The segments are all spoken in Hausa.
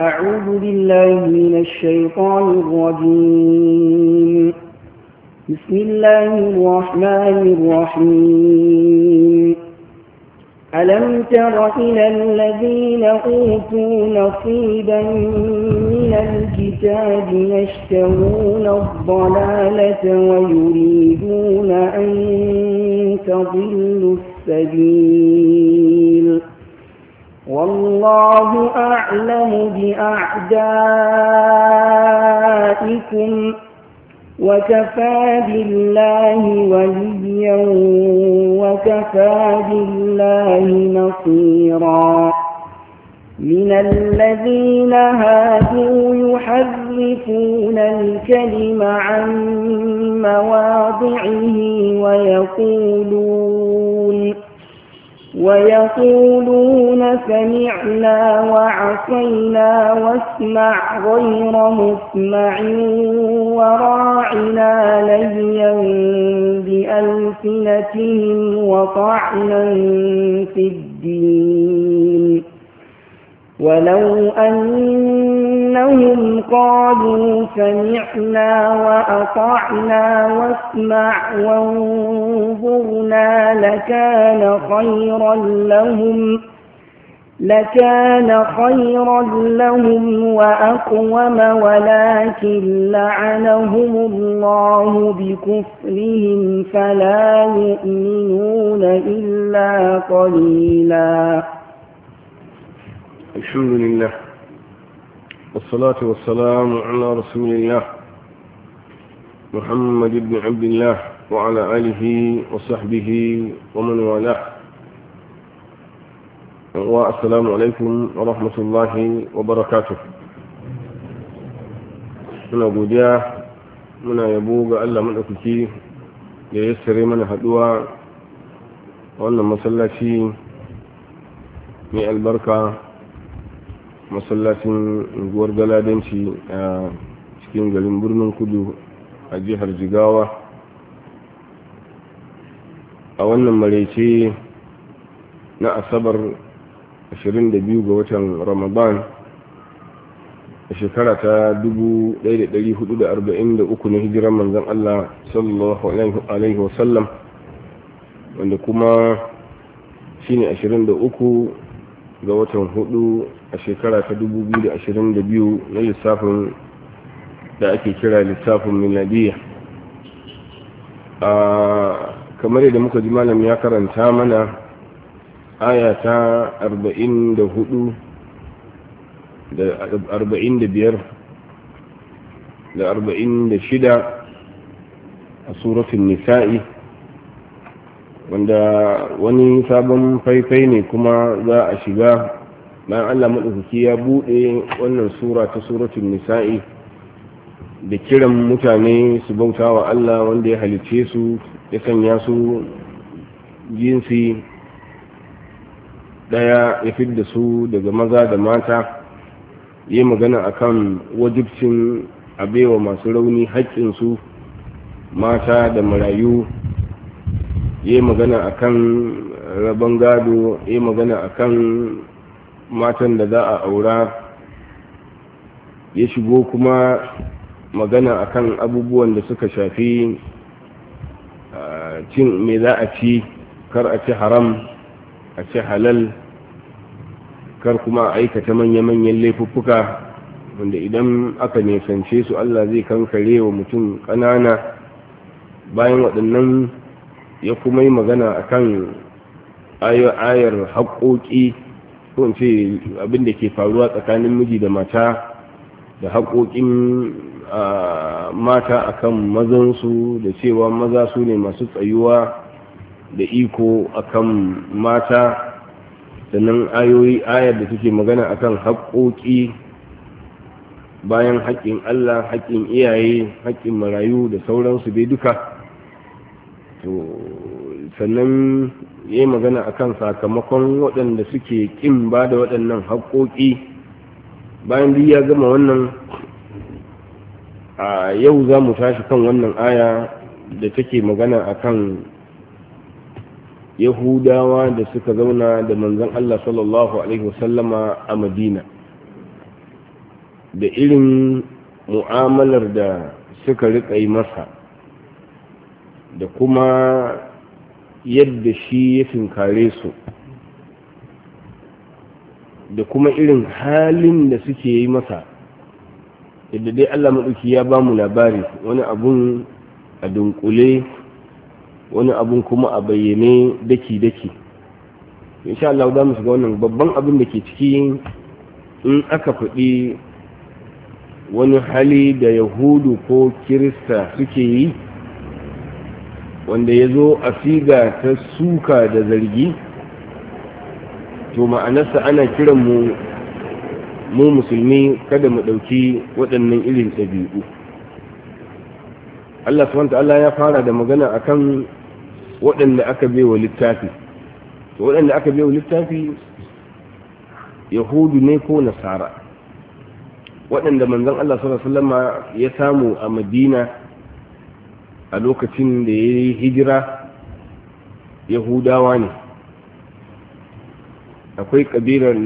أعوذ بالله من الشيطان الرجيم بسم الله الرحمن الرحيم ألم تر إلى الذين أوتوا نصيبا من الكتاب يشترون الضلالة ويريدون أن تضلوا السبيل والله أعلم بأعدائكم وكفى بالله وليا وكفى بالله نصيرا من الذين هادوا يحرفون الكلم عن مواضعه ويقولون ويقولون سمعنا وعصينا واسمع غير مسمع وراعنا ليا بألسنتهم وطعنا في الدين ولو أنهم قالوا سمعنا وأطعنا واسمع وانظرنا لكان خيرا لهم لكان خيرا لهم وأقوم ولكن لعنهم الله بكفرهم فلا يؤمنون إلا قليلاً الحمد لله والصلاة والسلام على رسول الله محمد بن عبد الله وعلى آله وصحبه ومن والاه والسلام عليكم ورحمة الله وبركاته من أبو جاه من يبوغ ألا من أكتي ييسر من هدوى وأن مسلتي من البركة masallacin unguwar galadanci a cikin garin birnin kudu a jihar jigawa a wannan maraice na asabar 22 ga watan ramadan a shekara ta 1443 na hijiran manzan allah sallallahu alaihi wasallam wanda kuma shine 23 ga watan hudu a shekara ta 2022 na lissafin da ake kira lissafin miladiya a kamar yadda muka ji malam ya karanta mana aya ta 44 da 45 da 46 a suratun nisa'i wanda wani sabon faifai ne kuma za a shiga bayan allah maɗaukaki ya buɗe wannan sura ta suratun nisa'i da kiran mutane su bauta wa allah wanda ya halicce su ya sanya su jinsi ɗaya ya fidda su daga maza da mata yi magana akan wajibcin abewa masu rauni haƙƙinsu mata da marayu yi magana akan rabon gado yi magana akan matan da za a aura ya shigo kuma magana akan abubuwan da suka shafi cin me za a ci kar a ci haram a ci halal kar kuma a aikata manya-manyan laifuffuka wanda idan aka nesance su Allah zai kankare wa mutum kanana bayan waɗannan ya kuma yi magana a kan ayar haƙoƙi ko in ce abin ke faruwa tsakanin miji da mata da haƙoƙin mata akan mazansu da cewa maza su ne masu tsayuwa da iko akan mata sannan ayoyi ayar da suke magana akan haƙoƙi bayan haƙƙin Allah haƙƙin iyaye haƙƙin marayu da sauransu bai duka sannan ya yi magana a kan sakamakon waɗanda suke ƙin ba da waɗannan haƙoƙi bayan duk ya gama wannan a yau za mu tashi kan wannan aya da take magana a kan yahudawa da suka zauna da manzon Allah sallallahu Alaihi wasallama a madina da irin mu'amalar da suka riƙa yi masa da kuma yadda shi ya tinkare su da kuma irin halin da suke yi masa yadda dai Allah maɗauki ya ba mu labari wani abun a dunkule wani abun kuma a bayyane daki-daki insha Allah za mu shiga wannan babban abin da ke ciki in aka faɗi wani hali da yahudu ko kirista suke yi wanda ya zo a figa ta suka da zargi to ma'anarsa ana kiran mu mu musulmi kada mu ɗauki waɗannan irin ɗabi'u Allah subhanahu Allah ya fara da magana akan waɗanda aka baiwa littafi to waɗanda aka baiwa littafi yahudu ne ko nasara waɗanda manzon Allah sallallahu alaihi wasallam ya samu a Madina a lokacin da ya yi hijira yahudawa ne akwai ƙabilar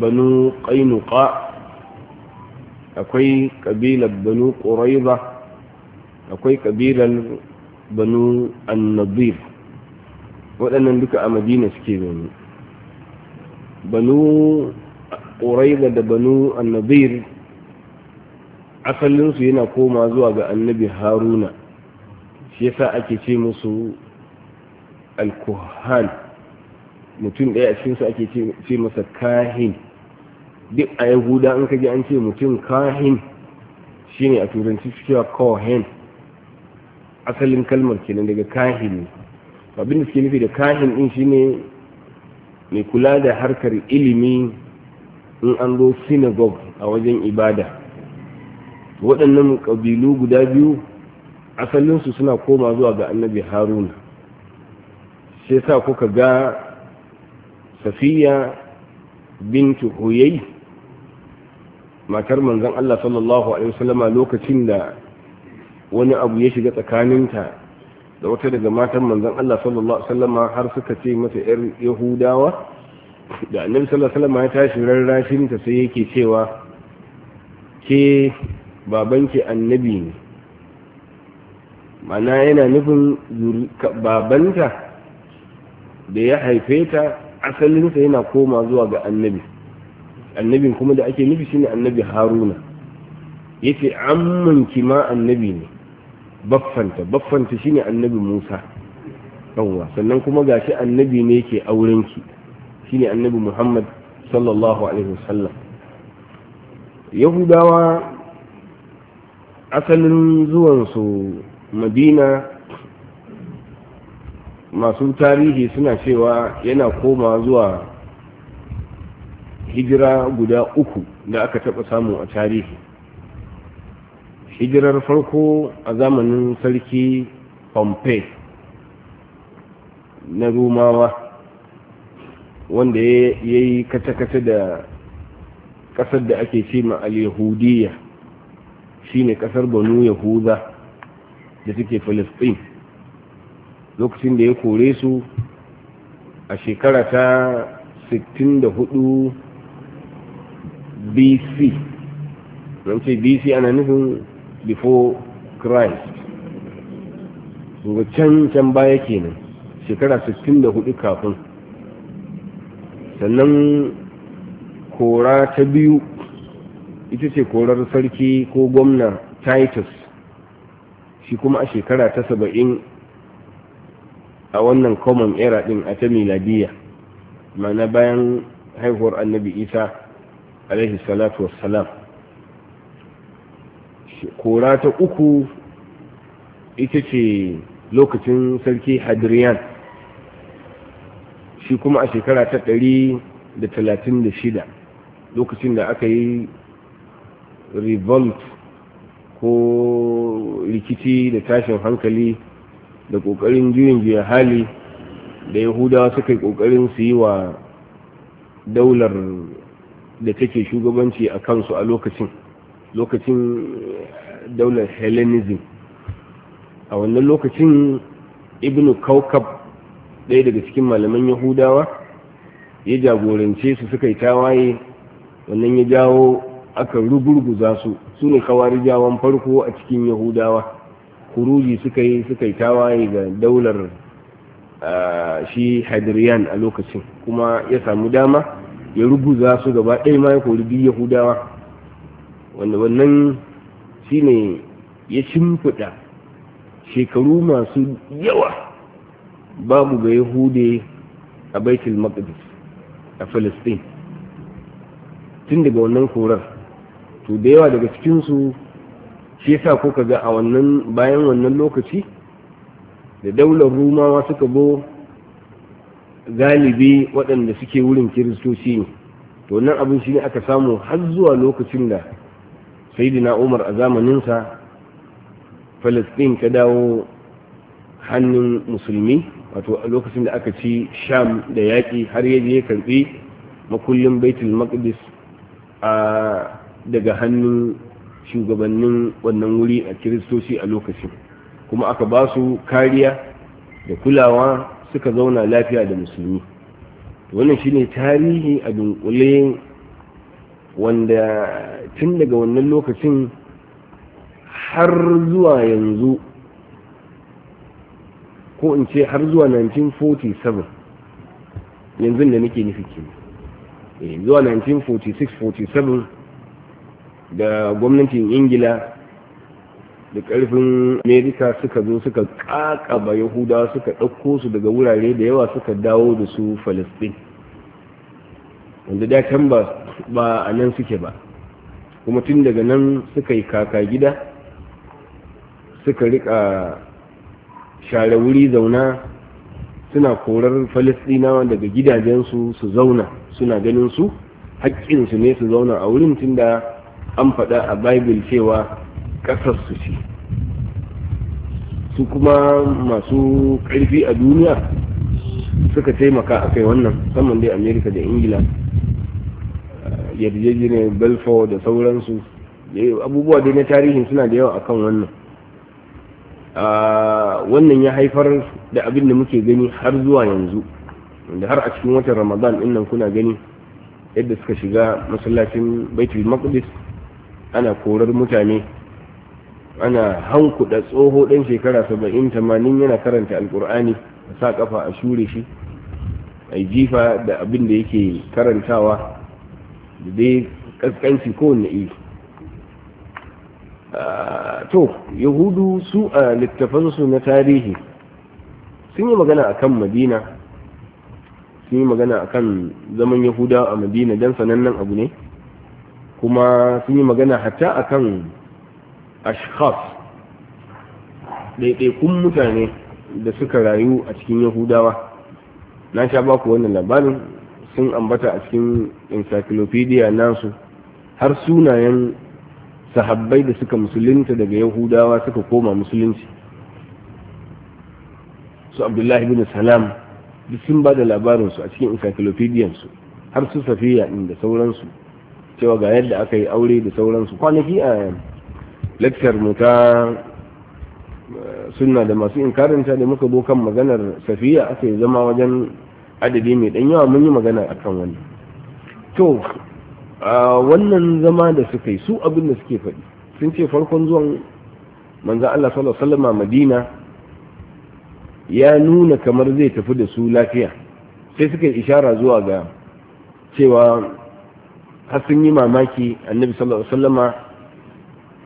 banu ƙainuka akwai ƙabilar banu ƙuraiba akwai ƙabilar banu annabir waɗannan duka a madina suke zaune banu ƙuraiba da banu annabir asalinsu yana koma zuwa ga annabi haruna shi yasa ake ce musu alkuhan mutum ɗaya a cikinsu ake ce masa kahin duk a yahuda an kaji an ce mutum kahin shine a turanci cewa kohen asalin kalmar kenan daga kahin abin da suke nufi da kahin din shine mai kula da harkar ilimi in an zo synagogue a wajen ibada waɗannan ƙabilu guda biyu asalinsu suna koma zuwa ga annabi haruna sai sa kuka ga safiya bintu huyai matar manzan Allah sallallahu Alaihi wasallama lokacin da wani abu ya shiga tsakaninta da wata daga matan manzan Allah sallallahu Alaihi wasallama har suka ce masa 'yar yahudawa da annabi sallallahu Alaihi wasallama ya tashi rarrashinta sai yake cewa ke babanki annabi ne mana yana nufin babanta da ya haife ta asalinsa yana koma zuwa ga annabi annabin kuma da ake nufi shine annabi haruna yace amman kima annabi ne baffanta baffanta shine annabi musa yawwa sannan kuma gashi annabi ne yake aurenki shine annabi muhammad sallallahu alaihi wasallam yahudawa asalin zuwansu madina masu tarihi suna cewa yana koma zuwa hijira guda uku da aka taɓa samu a tarihi hijirar farko a zamanin sarki pompey na rumawa wanda ya yi kata-kata da ƙasar da ake ce ma al-yahudiya shine ƙasar banu yahuda da suke filistin lokacin da ya kore su a shekara ta 64 bc ce bc ana nufin before christ ga can can baya kenan shekara 64 kafin sannan kora ta biyu ita ce korar sarki ko gwamna titus shi kuma a shekara ta saba'in a wannan common era din a ta miladiya mana bayan haihuwar annabi isa alaihi salatu wassalam kora ta uku ita ce lokacin sarki hadrian shi kuma a shekara ta ɗari da talatin da shida lokacin da aka yi revolt ko rikici da tashin hankali da ƙoƙarin juyin juya hali da yahudawa suka yi ƙoƙarin su yi wa daular da take shugabanci a kansu a lokacin lokacin eh, daular hellenism a wannan lokacin Ibn kaukab ɗaya daga cikin malaman yahudawa ya jagorance su suka yi tawaye wannan ya jawo aka rugurguza su su ne kawarijawan farko a cikin yahudawa kuruji suka yi suka yi tawaye ga daular shi hadriyan a lokacin kuma ya samu dama ya ruguza su gaba ɗaya ma ya kori biyu yahudawa wanda wannan shi ne ya shimfiɗa shekaru masu yawa babu ga yahude a baitul maqdis a filistin tun daga wannan korar to da yawa daga cikinsu shi yasa ko ga a wannan bayan wannan lokaci da daular rumawa suka bo galibi waɗanda suke wurin kiristoci ne to wannan abin shi ne aka samu har zuwa lokacin da sayidina umar a zamanin sa falastin ka dawo hannun musulmi wato a lokacin da aka ci sham da yaƙi har yaje ya karɓi makullin baitul maqdis a daga hannun shugabannin wannan wuri a kiristoci a lokacin kuma aka ba su kariya da kulawa suka zauna lafiya da musulmi wannan shine tarihi a dunkule wanda tun daga wannan lokacin har zuwa yanzu ko in ce har zuwa 1947 yanzu da nake nufi ke eh, zuwa 1946-47 da gwamnatin ingila da karfin amerika suka zo suka ƙaƙaba yahudawa suka ɗauko su daga wurare da yawa suka dawo da su falastin wanda dakin ba ba a nan suke ba kuma tun daga nan suka yi kaka gida suka rika share wuri zauna suna korar falastinawa daga gidajensu su zauna suna ganin su haƙƙinsu ne su zauna a wurin tun da an faɗa a bible cewa ƙasar su ce su kuma masu ƙarfi a duniya suka taimaka a kai wannan saman dai amerika da ingila yarjejeniyar belfort da sauransu abubuwa dai na tarihin suna da yawa akan wannan wannan ya haifar da abin da muke gani har zuwa yanzu da har a cikin watan ramadan ɗin nan kuna gani yadda suka shiga masallacin baitul maqdis ana korar mutane ana da tsoho ɗan shekara saba'in tamanin yana karanta alkur'ani a sa ƙafa a shure shi a jifa da abin da yake karantawa da dai ƙasƙanci kowanne iri to yahudu su a littafansu na tarihi sun yi magana a kan madina sun yi magana a kan zaman yahudawa a madina don sanannen abu ne kuma sun yi magana hatta akan ashkhas ɗaiɗaikun mutane da suka rayu a cikin yahudawa na sha baku wannan labarin sun ambata a cikin encyclopedia nasu har sunayen sahabbai da suka musulunta daga yahudawa suka koma musulunci su abdullahi bin salam duk sun ba da labarinsu a cikin encyclopediansu har su safiya inda sauransu cewa ga yadda aka yi aure da sauransu kwanaki a lecture mu ta eh, sunna da masu inkarinta da muka zo kan maganar safiya aka yi zama wajen adadi mai dan yawa mun yi magana a kan wani to wannan zama da suka yi su abin da suke faɗi sun ce farkon zuwan manzan Allah sallallahu Madina ya nuna kamar zai tafi da su lafiya sai suka yi ishara zuwa ga cewa har sun yi mamaki annabi sallallahu alaihi wasallama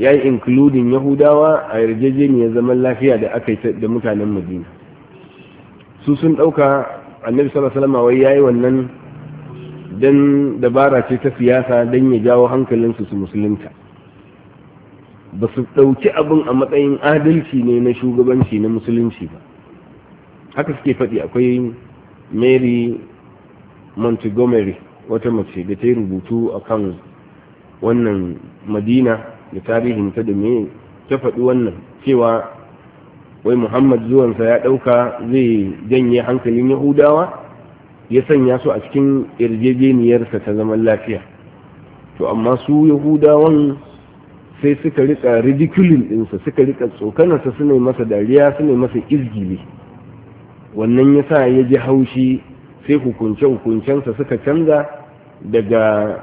ya yi including yahudawa a yarjejeniyar zaman lafiya da aka yi da mutanen madina su sun ɗauka annabi sallallahu alaihi wasallama wai yayi wannan don dabara ce ta siyasa dan ya jawo hankalin su musulunta ba su ɗauki abin a matsayin adalci ne na shugabanci na musulunci ba haka suke faɗi akwai mary montgomery wata mace da ta yi rubutu a kan wannan madina da tarihinta da me ta faɗi wannan cewa wai muhammad zuwansa ya ɗauka zai janye hankalin yahudawa ya sanya su a cikin yarjejeniyarsa ta zaman lafiya to amma su yahudawan sai suka rika ridiculin ɗinsa suka rika tsokanarsa suna masa dariya suna masa izgili wannan ya sa ya ji haushi sai hukunce-hukuncensa suka canza daga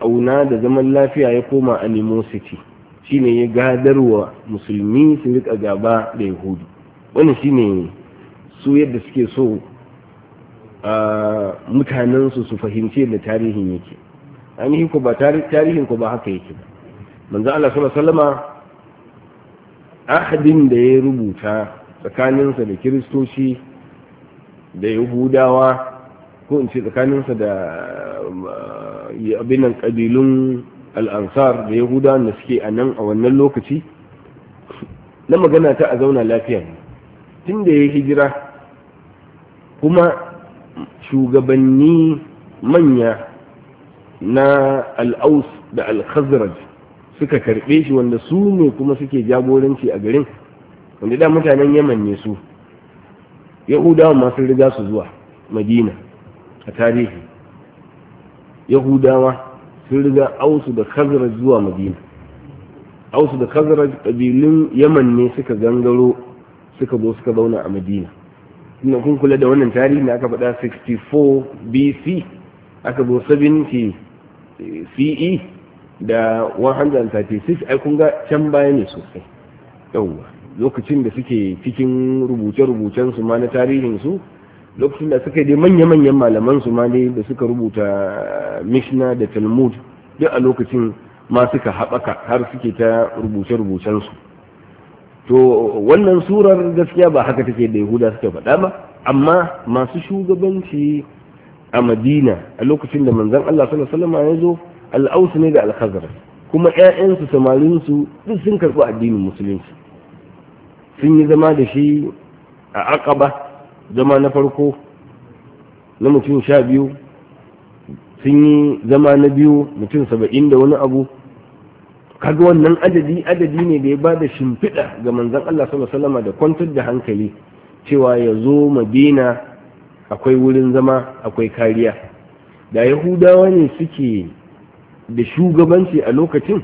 ƙauna da zaman lafiya ya koma animosity shi ne ya gadarwa musulmi su rika gaba da yahudu wani shi ne su yadda suke so mutanensu su fahimci da tarihin yake ainihin ku ba tarihin ku ba haka yake ba manzo Allah sallallahu alaihi ahadin da ya rubuta tsakaninsa da kiristoci da yahudawa ko in ce tsakaninsa da eh, abinan ƙabilun al'ansar da yahudawan da suke a nan a wannan lokaci na magana ta a zauna lafiya tun da ya hijira kuma shugabanni manya na al'aus da al-khazraj suka karɓe shi wanda su ne kuma suke jagoranci a garin wanda da mutanen yaman ne su yahudawan masu riga su zuwa madina a tarihi yahudawa sun riga ausu da kazara zuwa madina ausu da kazara ƙabilun yaman ne suka gangaro suka zo suka zauna a madina ina kun kula da wannan tarihi da aka faɗa 64 bc aka zo 70 ce da 136 ai kun ga can baya ne sosai yauwa lokacin da suke cikin rubuce-rubucen su ma na tarihin su lokacin da suka yi dai manya-manyan malaman su ma dai da suka rubuta mishna da talmud duk a lokacin ma suka haɓaka har suke ta rubuce-rubucen su to wannan surar gaskiya ba haka take da yahuda suka faɗa ba amma masu shugabanci a madina a lokacin da manzon allah sallallahu alaihi ya zo al'ausu ne da alkhazar kuma 'ya'yansu samarinsu duk sun karɓi addinin musulunci sun yi zama da shi a aqaba zama na farko na mutum sha biyu sun yi zama na biyu mutum saba'in da wani abu kaga wannan adadi adadi ne da ya ba da shimfiɗa ga manzan Allah Salama da kwantar da hankali cewa ya zo madina akwai wurin zama akwai kariya da yahudawa ne suke da shugabanci a lokacin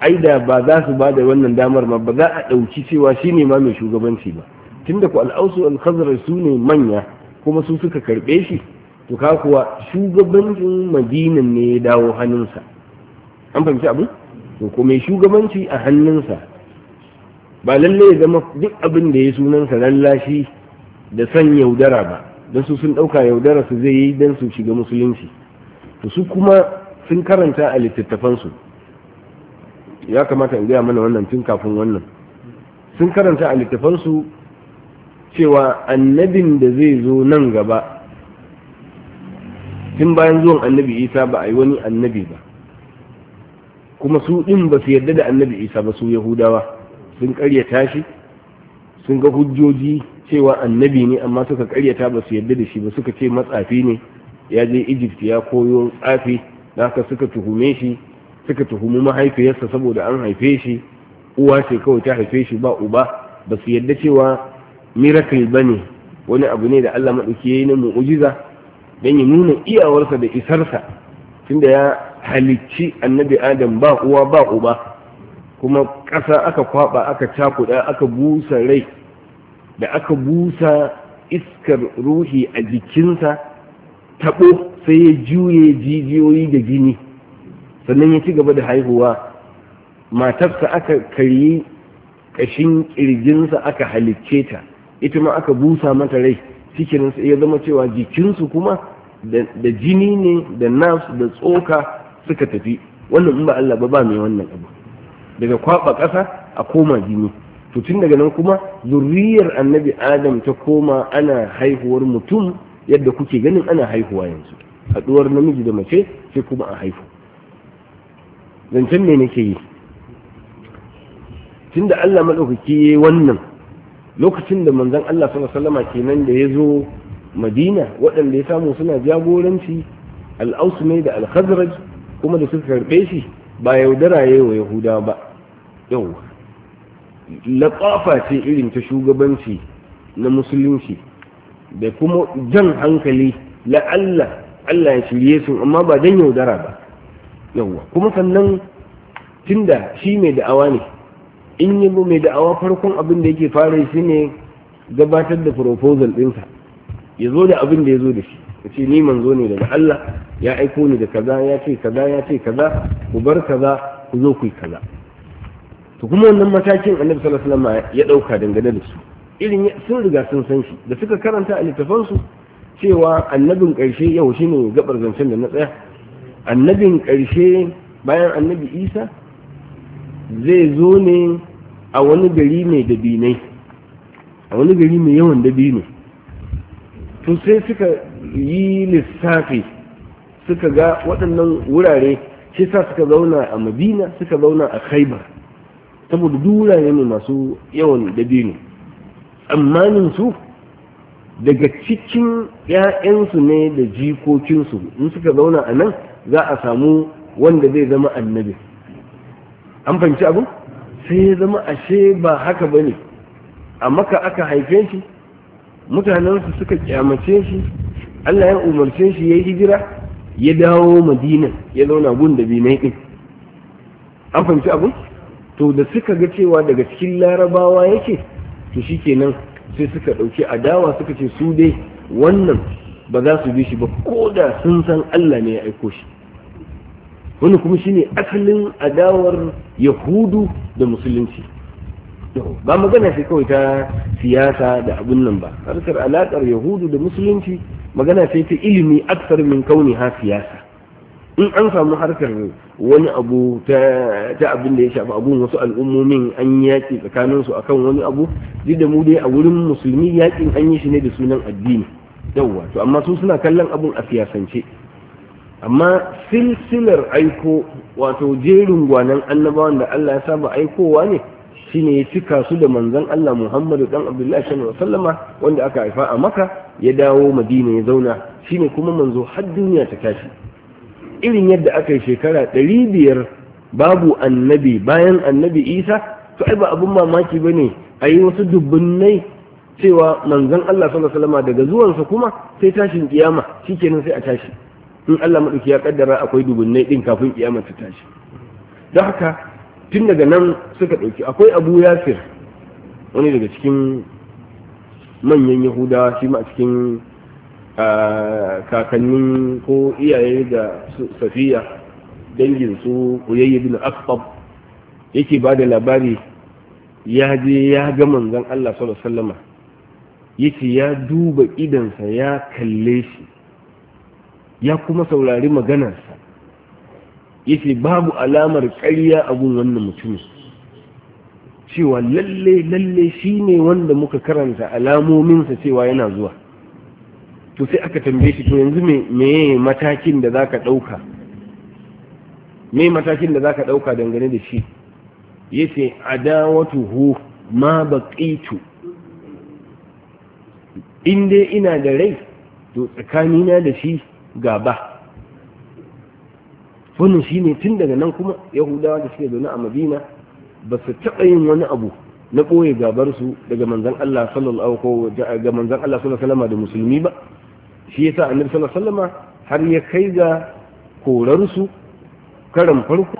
ai da ba za su ba da wannan damar ma ba za a ɗauki cewa shi ne ma mai shugabanci ba tunda ku al'ausu al-khazraj su ne manya kuma su suka karbe shi to ka kuwa shugabancin madinan ne ya dawo hannunsa an fahimci abu to ko mai shugabanci a hannunsa ba lalle ya zama duk abin da ya sunansa lallashi da san yaudara ba don su sun ɗauka yaudara su zai yi don su shiga musulunci to su kuma sun karanta a littattafansu ya kamata in gaya mana wannan tun kafin wannan sun karanta a littafansu cewa annabin da zai zo nan gaba tun bayan zuwan annabi isa ba a yi wani annabi ba kuma su ɗin ba su yarda da annabi isa ba su yahudawa sun karyata shi sun ga hujjoji cewa annabi ne amma suka karyata ba su yarda da shi ba suka ce matsafi ne ya je egypt ya koyo tsafi da haka suka tuhume shi suka tuhumi mahaifiyarsa saboda an haife shi uwa ce kawai ta haife shi ba uba ba su yarda cewa miracle ba ne wani abu ne da Allah maɗauki ya yi na mu'ujiza don ya nuna iyawarsa da isarsa tunda ya halicci annabi adam ba uwa ba uba kuma ƙasa aka kwaɓa aka cakuɗa aka busa rai da aka busa iskar ruhi a jikinsa taɓo sai ya juye jijiyoyi da gini sannan ya ci gaba da haihuwa matarsa aka karyi ƙashin ƙirjinsa aka halicce ta ita ma aka busa mata rai cikin ya zama cewa jikinsu kuma da jini ne da nas da tsoka suka tafi wannan in ba Allah ba ba mai wannan abu daga kwaba ƙasa a koma jini to tun daga nan kuma zuriyar annabi adam ta koma ana haihuwar mutum yadda kuke ganin ana haihuwa yanzu haɗuwar namiji da mace sai kuma a haihu zancen ne nake yi tun da Allah maɗaukaki ya yi wannan lokacin da manzan Allah suna alaihi kenan da ya zo Madina waɗanda ya samu suna jagoranci al'ausu da al kuma da suka karɓe shi ba yaudara yayi wa Yahuda ba yau laƙafa ce irin ta shugabanci na musulunci da kuma jan hankali la'alla Allah ya shirye su amma ba dan yaudara ba yawwa kuma sannan tunda shi mai da'awa ne in yi mai da'awa farkon abin da yake fara shi ne gabatar da proposal ɗinsa ya zo da abin da ya zo da shi ya ce ni manzo ne daga Allah ya aiko ni da kaza ya ce kaza ya ce kaza ku bar kaza ku zo ku yi kaza to kuma wannan matakin annabi sallallahu alaihi wasallam ya dauka dangane da su irin sun riga sun san shi da suka karanta a littafansu cewa annabin karshe yau shine gabar zancen da na tsaya annabin karshe bayan annabi Isa zai zo ne a wani gari mai dabinai a wani gari mai yawan dabino to sai suka yi lissafi suka ga waɗannan wurare shi sa suka zauna a madina suka zauna a khaibar saboda duk wurare ne masu yawan dabino tsammanin su daga cikin 'ya'yansu ne da jikokinsu in suka zauna a nan za a samu wanda zai zama annabi an fahimci abin sai ya zama ashe ba haka ba ne a maka aka haife shi mutanensu suka kyamace shi allah ya umarce shi ya yi hijira ya dawo madina ya zauna gun da binai ɗin an fahimci abu to da suka ga cewa daga cikin larabawa yake to shi kenan sai suka ɗauki adawa suka ce su dai wannan ba za su bi shi ba ko da sun san allah ne ya aiko shi wani kuma shi ne asalin adawar yahudu da musulunci ba magana ce kawai ta siyasa da abin nan ba harkar alakar yahudu da musulunci magana sai ta ilimi aksar min kauni ha siyasa in an samu harkar wani abu ta abin da ya shafi abun wasu al'ummomin an yi yaƙi tsakaninsu akan wani abu duk da mu dai a wurin musulmi yaƙin an yi shi ne da sunan addini yauwa to amma su suna kallon abun a siyasance amma silsilar aiko wato jerin gwanan annabawan da Allah ya saba aikowa ne shine ya cika su da manzon Allah Muhammadu dan Abdullahi sallallahu alaihi wasallama wanda aka haifa a maka ya dawo Madina ya zauna shine kuma manzo har duniya ta tashi irin yadda aka yi shekara ɗari biyar babu annabi bayan annabi Isa to ai ba abun mamaki ba ne a yi wasu dubbunai cewa manzon Allah sallallahu alaihi daga zuwansa kuma sai tashin kiyama shikenan sai a tashi in Allah maɗauki ya ƙaddara akwai dubunnai ɗin kafin kiyama ta tashi don haka tun daga nan suka ɗauki akwai abu yasir wani daga cikin manyan yahuda shi ma a cikin kakannin ko iyaye da safiya dangin su kuyayya bin akhtab yake ba da labari ya je ya ga manzon Allah sallallahu alaihi wasallama yake ya duba idansa ya kalle shi ya kuma saurari maganarsa yace babu alamar ƙarya abun wannan mutumin cewa lalle lalle shine wanda muka karanta alamominsa cewa yana zuwa to sai aka tambaye shi to yanzu me matakin da zaka ɗauka? me matakin da zaka dauka dangane da shi yace adawatuhu ma baqitu in dai ina da rai to tsakanina da shi gaba wannan shine tun daga nan kuma yahudawa da suke zaune a madina ba su taɓa yin wani abu na ɓoye gabarsu daga manzan Allah sallallahu ga manzan Allah sallallahu alaihi da musulmi ba shi yasa annabi sallallahu alaihi har ya kai ga korarsu karan farko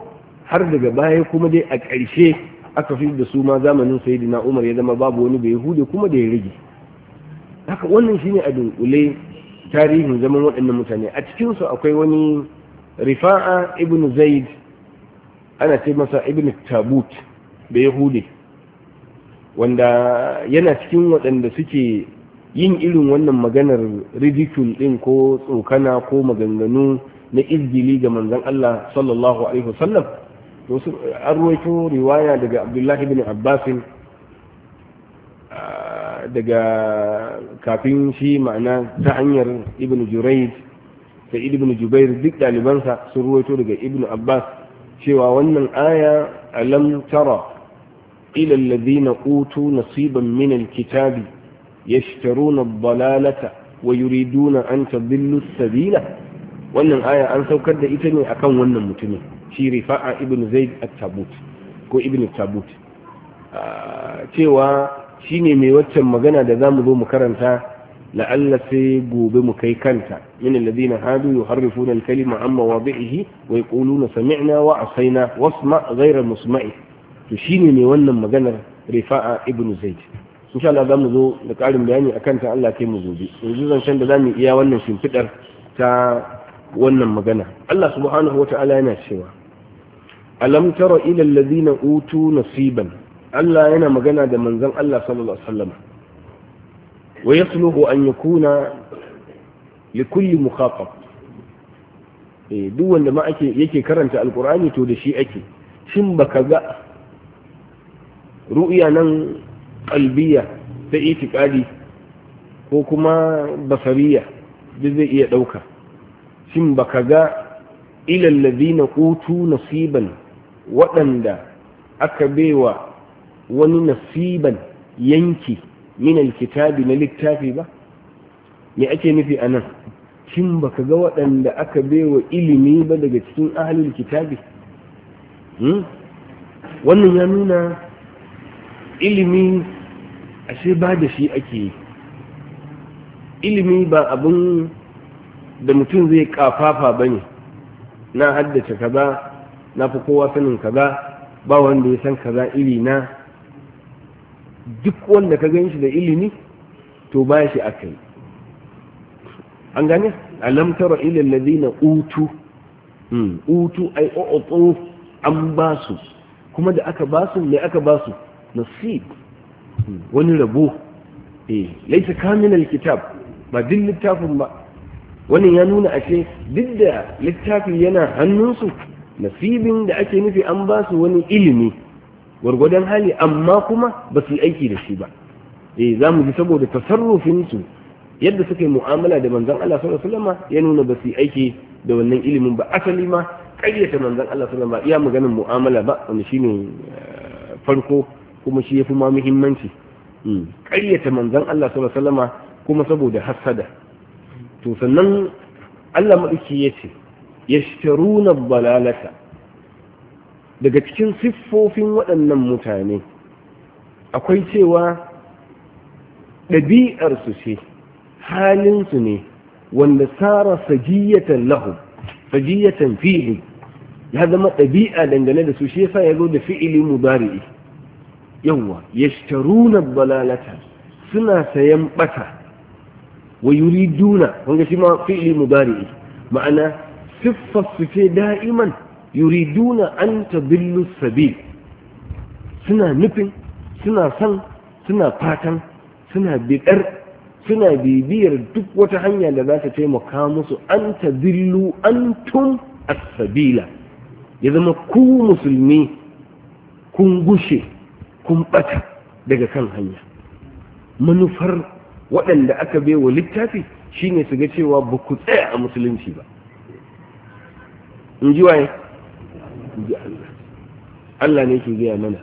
har daga baya kuma dai a ƙarshe aka fi da su ma zamanin sayyidina Umar ya zama babu wani bai hude kuma da ya rage haka wannan shine a dunkule tarihin zaman waɗannan mutane a cikinsu akwai wani rifa'a ibn zaid ana ce masa ibn tabut da yahudi wanda yana cikin waɗanda suke yin irin wannan maganar ridicule ɗin ko tsokana ko maganganu na izgili ga manzon Allah sallallahu alaihi wasallam to an ruwaito riwaya daga Abdullahi ibn Abbas daga kafin shi ma'ana ta hanyar ibn juraid da ibn jubair duk ɗalibansa sun ruwaito daga ibn abbas cewa wannan aya alam tara ila alladhina utu nasiban min alkitabi yashtaruna ad-dalalata wa yuriduna an tadillu as-sabila wannan aya an saukar da ita ne akan wannan mutumin shi rifa'a ibn zaid at-tabut ko ibn tabut ah, cewa shine mai waccan magana da zamu zo mu karanta la'alla sai gobe mu kai kanta min alladhina hadu yuharrifuna al-kalima an mawadi'ihi wa yaquluna sami'na wa asaina wasma ghayra musma'i to shine mai wannan maganar rifa'a ibn zaid insha Allah mu zo da karin bayani akan ta Allah kai mu gobe yanzu zancen da zamu iya wannan shimfidar ta wannan magana Allah subhanahu wa ta'ala yana cewa alam tara ila alladhina utu nasiban Allah yana magana da manzon Allah sallallahu alaihi wasallam wa yasluhu an yakuna li kulli mukhatab eh, duk wanda ma ake yake karanta alkur'ani to da shi ake shin baka ga ru'ya nan qalbiya ta itikadi ko kuma basariya duk zai iya dauka shin baka ga ilal ladina qutu nasiban waɗanda aka baiwa wani nasiban yanki min kitabi na littafi ba me ake nufi a nan shin baka ga waɗanda aka baiwa ilimi ba daga cikin ahalin kitabi hmm? wannan ya nuna ilimi ashe ba da shi ake yi ilimi ba abin da mutum zai kafafa ba ne na haddace kaza na fi kowa sanin kaza ba wanda ya san kaza iri na duk wanda ka gan shi da ilimi to ba shi aka yi an gane alam tara ilal ladina utu hmm, utu ai utu an ba su kuma da aka ba su ne aka ba su nasib hmm, wani rabo eh laisa kamilal kitab ba din littafin ba Wani ya nuna ashe duk da littafin yana hannunsu nasibin da ake nufi an ba su wani ilimi gwargwadon hali amma kuma ba su yi aiki da shi ba eh za mu ji saboda tasarrufin su yadda suka yi mu'amala da manzon Allah sallallahu alaihi wasallam ya nuna ba su yi aiki da wannan ilimin ba asali ma ƙaryata manzon Allah sallallahu alaihi wasallam iya maganin mu'amala ba wanda shine eh, farko kuma shi yafi ma muhimmanci hmm. ƙaryata manzon Allah sallallahu alaihi wasallam kuma saboda hasada to sannan Allah madauki yace yashtaruna balalata daga cikin siffofin waɗannan mutane akwai cewa ɗabi'arsu ce halinsu ne wanda tsara sajiyatan lahu sajiyatan fi'li ya zama ɗabi'a dangane da su shi yasa ya zo da fi'ili mubari'i yawwa yashtaruna balalata suna sayan bata wa yuriduna kun ga shi ma fi'ili mubari'i ma'ana siffar su ce da'iman yuriduna an tabillu sabil suna nufin suna san suna fatan suna bidar suna bibiyar duk wata hanya da za ta taimaka musu an tabillu antum as-sabila ya zama ku musulmi kun gushe kun bata daga kan hanya manufar waɗanda aka baiwa littafi shine su ga cewa ba ku tsaya a musulunci ba in ji waye in Allah Allah ne ke gaya mana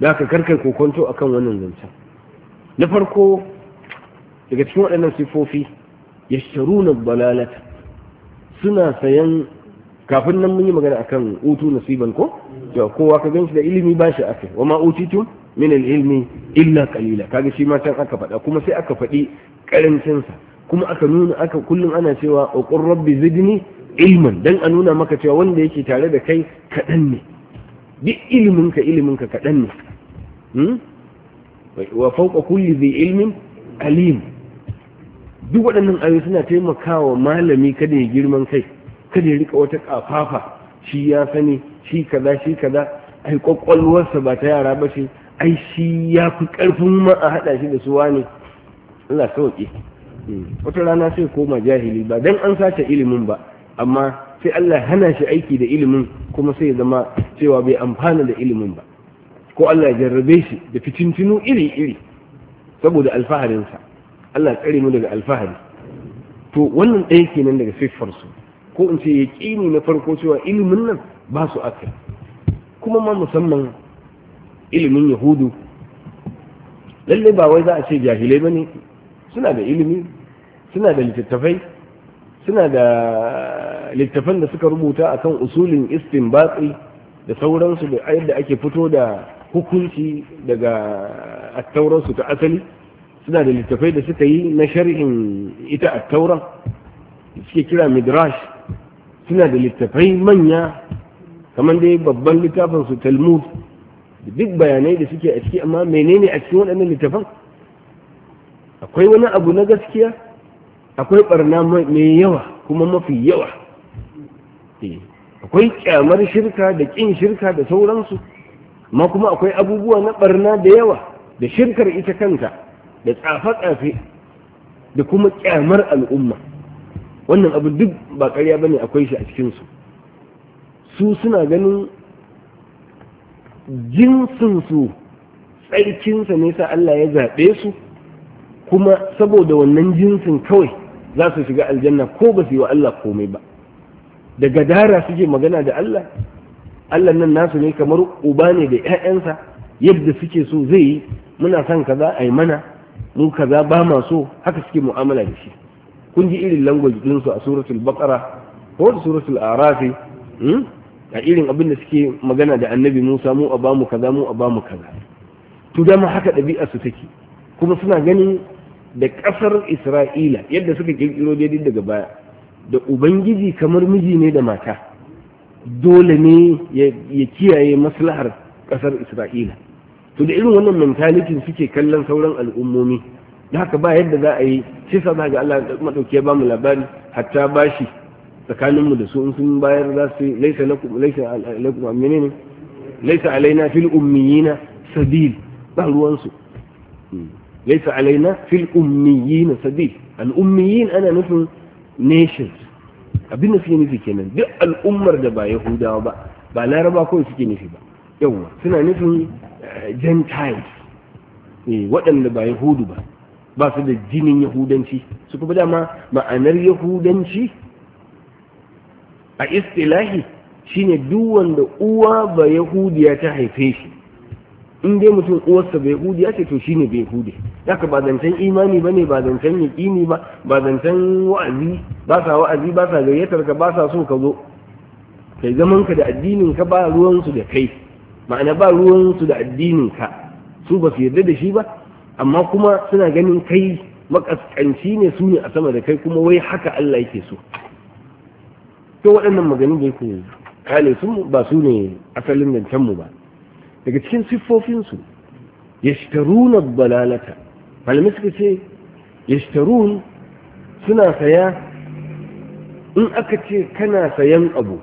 da ka karkai kokonto akan wannan zancen na farko daga cikin waɗannan sifofi ya sharuna suna sayan kafin nan mun yi magana akan utu nasiban ko to kowa ka ganshi da ilimi ba shi akai wa ma utitu min ilmi illa kalila. kaga shi ma can aka faɗa kuma sai aka faɗi karancin kuma aka nuna aka kullum ana cewa qur rabbi zidni ilmin dan a nuna maka cewa wanda yake tare da kai kaɗan ne duk iliminka iliminka kaɗan ne hmm? wa fauka kulli zai ilmin alim duk waɗannan ayoyi suna taimakawa malami kada ya girman kai kada ya rika wata kafafa shi ya sani shi kaza shi kaza ai kwakwalwarsa ba ta yara ba ce ai shi ya fi ƙarfin ma a haɗa shi da suwa ne Allah sauƙi hmm. wata rana sai koma jahili ba dan an sace ilimin ba amma sai Allah hana shi aiki da ilimin kuma sai ya zama cewa bai amfana da ilimin ba ko Allah ya jarrabe shi da fitintinu iri-iri saboda alfaharinsa Allah tsare mu daga alfahari to wannan ɗaya kenan daga siffarsu ko in ce ya ƙini na farko cewa ilimin nan ba su aka kuma ma musamman ilimin yahudu lallai ba wai za a ce jahilai ba ne suna da ilimi suna da littattafai suna da littafan da suka rubuta akan usulin istinbatsi da sauransu da yadda ake fito da hukunci daga attauransu ta asali suna da littafai da suka yi na shari'in ita attauran suke kira midrash suna da littafai manya kamar dai babban littafin su talmud duk bayanai da suke a ciki amma menene a cikin waɗannan littafan akwai wani abu na gaskiya akwai barna mai yawa kuma mafi yawa eh, akwai kyamar shirka da kin shirka da sauransu ma kuma akwai abubuwa na barna da yawa da shirkar ita kanta da tsafe-tsafe da kuma kyamar al'umma wannan abu duk ba karya ba ne akwai shi a cikinsu su suna ganin jinsinsu tsarkinsa ne sa Allah ya zaɓe su kuma saboda wannan jinsin kawai za su shiga aljanna ko ba su yi wa Allah komai ba da gadara suke magana da Allah Allah nan nasu ne kamar uba ne da ƴaƴansa yadda suke so zai yi muna son kaza a yi mana mu kaza ba ma so haka suke mu'amala da shi kun ji irin language din su a suratul baqara ko da suratul arafi hmm? a irin abin da suke magana da annabi Musa mu a bamu kaza mu a bamu kaza to dama haka ɗabi'a su take kuma suna ganin da ƙasar isra'ila yadda suka kirkiro daidai daga baya da ubangiji kamar miji ne da mata dole ne ya kiyaye maslahar ƙasar isra'ila to da irin wannan mentalitin suke kallon sauran al'ummomi da haka ba yadda za a yi shi sa ga Allah madauki ya bamu labari hatta bashi tsakaninmu da su in sun bayar za su laisa lakum laisa aminin laisa alaina fil ummiyina sabil ba ruwan su hmm. laisa alaina fil ummiyina sabil al ummiyin ana nufin nations abin da suke nufi kenan duk al'ummar da ba yahudawa ba ba laraba kawai suke nufi ba yawwa suna nufin gentiles waɗanda ba yahudu ba ba su da jinin yahudanci su kuma dama ma'anar yahudanci a istilahi shine duk wanda uwa ba yahudiya ta haife shi in dai mutum uwarsa bai hudi ya ce to shine bai hudi yaka ba zancen imani bane ba zancen yaqini ba ba zancen wa'azi ba sa wa'azi ba sa gayyatar ka ba sa so ka zo kai zaman ka da addinin ka ba ruwan da kai ma'ana ba ruwan su da addinin ka su ba su yarda da shi ba amma kuma suna ganin kai makaskanci ne su ne a sama da kai kuma wai haka Allah yake so to waɗannan maganin da yake kale su ba su ne asalin zancen mu ba daga cikin siffofinsu ya yashtaruna balalata malamai suka ce ya yashtarun suna saya in aka ce kana sayan abu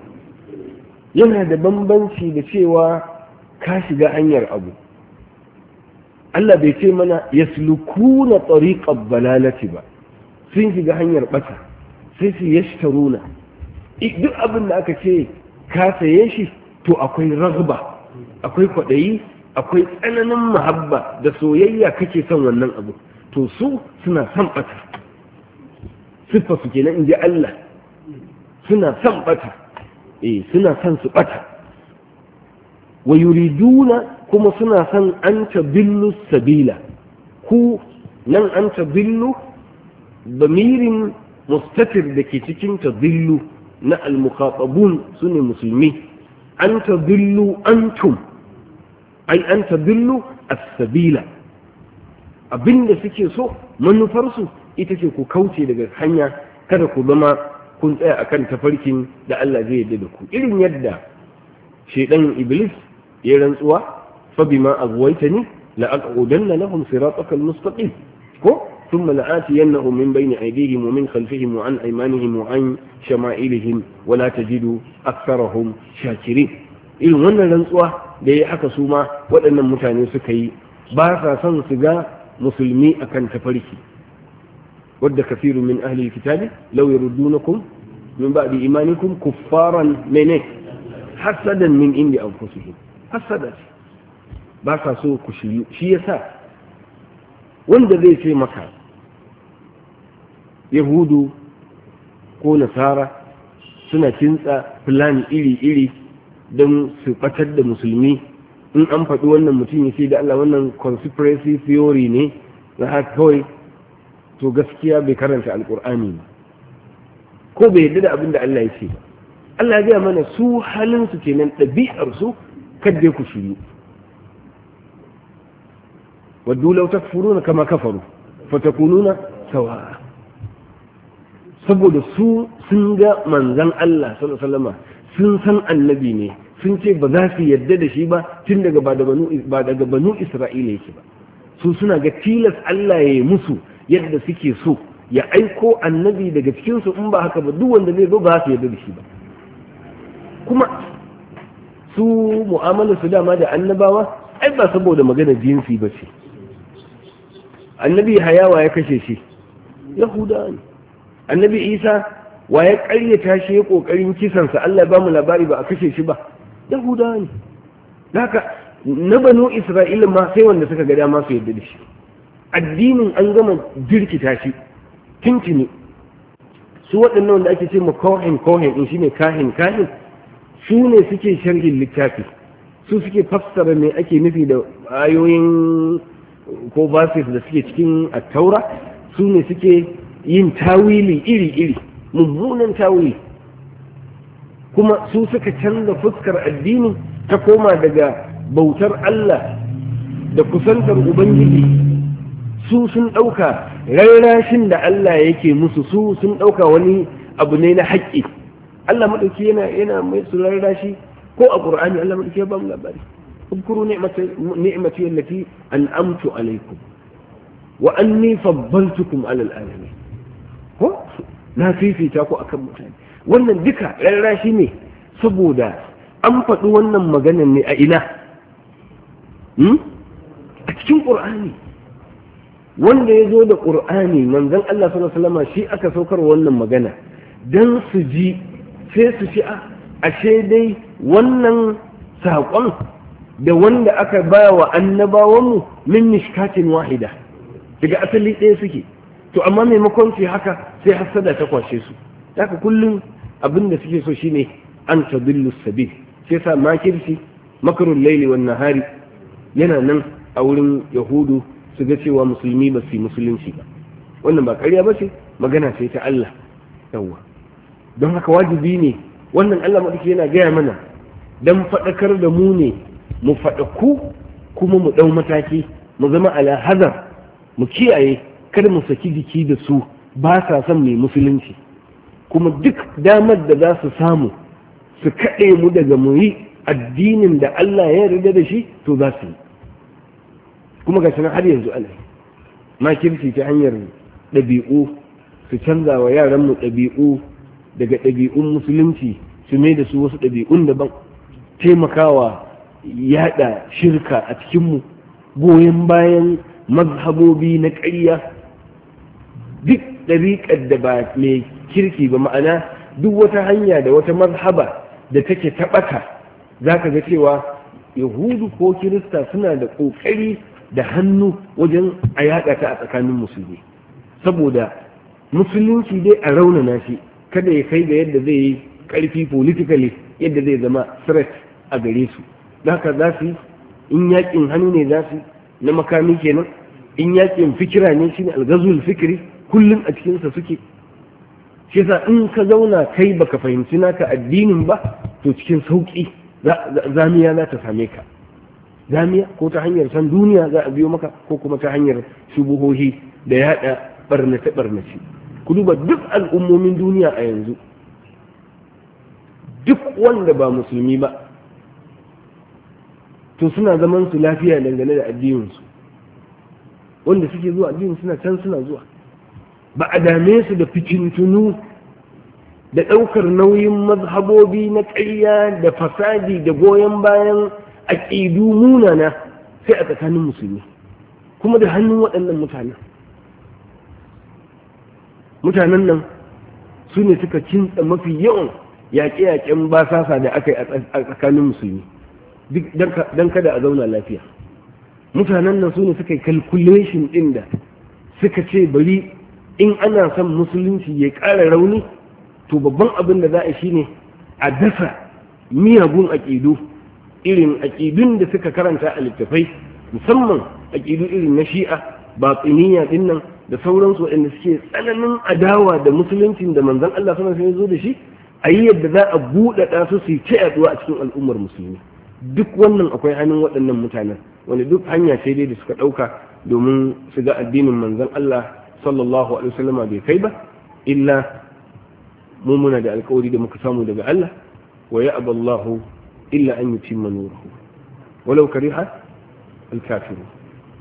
yana da bambanci da cewa ka shiga hanyar abu Allah bai ce mana ya yaslukuna tariqat balalati ba sun shiga hanyar ɓata sai su ya yashtaruna duk abin da aka ce ka saye shi to akwai ragba akwai kwaɗayi akwai tsananin muhabba da soyayya kake son wannan abu to su suna son bata siffa su kenan in ji Allah suna son bata eh suna son su bata wa yuriduna kuma suna son an billu sabila ku nan an billu bamirin mustatir da ke cikin billu na al-muqatabun sune musulmi an billu antum ai an tadillu as-sabila abinda suke so manufarsu ita ce ku kauce daga hanya kada ku zama kun tsaya akan tafarkin da Allah zai yarda da ku irin yadda shedan iblis ya rantsuwa fa bima aghwaytani la aqudanna lahum siratakal mustaqim ko ثم لآتينهم من بين أيديهم ومن خلفهم وعن أيمانهم وعن شمائلهم ولا تجد أكثرهم شاكرين irin wannan rantsuwa da ya haka su ma waɗannan mutane suka yi ba sa son su ga musulmi a kan tafarki wadda kafiru min ahli kitabi law yurdunakum min ba'di imanikum kuffaran mene hasadan min indi anfusihim hasada ba sa so ku shiryu shi yasa wanda zai ce maka yahudu ko nasara suna kintsa fulani iri-iri don su batar da musulmi in an faɗi wannan mutum ya ce da Allah wannan conspiracy theory ne na haka kawai to gaskiya bai karanta alkur'ani ba ko bai yadda da abin da Allah ya ce Allah ya mana su halinsu kenan ɗabi'arsu kadde ku shiru waddu furu na kama kafaru fatakununa sawa saboda su sun ga manzan Allah sallallahu sun san annabi ne sun ce ba za su yarda da shi ba tun daga ba daga banu isra'ila yake ba su suna ga tilas Allah ya yi musu yadda suke so ya aiko annabi daga cikinsu in ba haka ba duk wanda zai zo ba su yarda da shi ba kuma su mu'amalar su dama da annabawa ai ba saboda magana jinsi ba ce annabi hayawa ya kashe shi yahuda ne annabi isa wa ya ƙaryata shi ya ƙoƙarin kisansa Allah ba mu labari ba a kashe shi ba yahudawa ne haka na banu isra'ila ma sai wanda suka ga dama su yadda da shi addinin an gama jirkita shi tuntuni su waɗannan wanda ake ce ma kohen kohen in shine kahin kahin su ne suke sharhin littafi su suke fassara me ake nufi da ayoyin ko verses da suke cikin attaura su ne suke yin tawili iri iri mummunan tawili kuma su suka canza fuskar addini ta koma daga bautar Allah da kusantar Ubangiji su sun ɗauka rarrashin da Allah yake musu su sun ɗauka wani abu ne na haƙƙi Allah maɗauki yana yana mai su rarrashi ko a ƙur'ani Allah maɗauki ya ba mu labari اذكروا نعمتي التي أنعمت عليكم وأني فضلتكم على العالمين na fifita ku akan mutane wannan duka rarrashi ne saboda an faɗi wannan maganan ne a ina hmm? a cikin ƙur'ani wanda ya zo da ƙur'ani manzon Allah sallallahu shi aka saukar wannan magana dan su ji sai su ci ah, ashe dai wannan saƙon da wanda aka ba wa annabawanmu min nishkatin wahida daga asali ɗaya suke to amma maimakon su haka sai hasada ta kwashe su haka kullum abin da suke so shine an tadillu sabil sai sa makirci makarun laili wan nahari yana nan a wurin yahudu su ga cewa musulmi ba su musulunci ba wannan ba ƙarya ba ce magana ce ta Allah yawwa don haka wajibi ne wannan Allah maɗauki yana gaya mana Dan faɗakar da mu ne mu faɗaku kuma mu ɗau mataki mu zama ala hazar mu kiyaye kada mu saki jiki da su ba sa son mai musulunci kuma duk damar da za su samu su kaɗe mu daga mu addinin da Allah ya yarda da shi to za su yi kuma ga sanar har yanzu ana Na kirki ta hanyar ɗabi'u su canza wa yaran mu ɗabi'u daga ɗabi'un musulunci su mai da su wasu ɗabi'un daban taimakawa yada shirka a cikinmu goyon bayan mazhabobi na ƙarya duk ɗariƙar da ba mai kirki ba ma'ana duk wata hanya da wata mazhaba da take taɓata za ka ga cewa yahudu ko kirista suna da ƙoƙari da hannu wajen a yaƙa ta a tsakanin musulmi saboda musulunci dai a raunana shi kada ya kai ga yadda zai yi ƙarfi politically yadda zai zama threat a gare su haka za su in yaƙin hannu ne za su na makami kenan in yaƙin fikira ne shi shine algazul fikiri kullum a cikinsa suke shi sa in ka zauna kai baka fahimci naka addinin ba to cikin sauƙi zamiya za ta same ka zamiya ko ta hanyar san duniya za a biyo maka ko kuma ta hanyar shubuhohi da yada barnace barnace ku duba duk al'ummomin duniya a yanzu duk wanda ba musulmi ba to suna zaman su lafiya dangane da addininsu wanda suke zuwa addinin suna can suna zuwa ba a dame su da fikintunu da ɗaukar nauyin mazhabobi na ƙayya da fasadi da goyon bayan aƙidu munana sai a tsakanin musulmi kuma da hannun waɗannan mutanen mutanen nan su ne suka cinta mafi yawan yaƙe-yaƙen basasa da aka yi a tsakanin musulmi don kada a zauna lafiya mutanen nan su ne suka yi calculation ɗin da suka ce bari in ana son musulunci ya ƙara rauni to babban abin da za a shi ne a dafa miyagun aƙidu irin aƙidun da suka karanta a littafai musamman aƙidu irin na shi'a tsiniya din nan da sauransu waɗanda suke tsananin adawa da musuluncin da manzan Allah sama sai zo da shi a yi yadda za a buɗaɗa su su yi ta yaduwa a cikin al'ummar musulmi duk wannan akwai hannun waɗannan mutanen wani duk hanya sai dai da suka ɗauka domin su ga addinin manzan Allah sallallahu alaihi wasallama bai kai ba illa mu muna da alkawari da muka samu daga Allah wa ya aballahu illa an cimma nuruhu walau kariha al-kafiru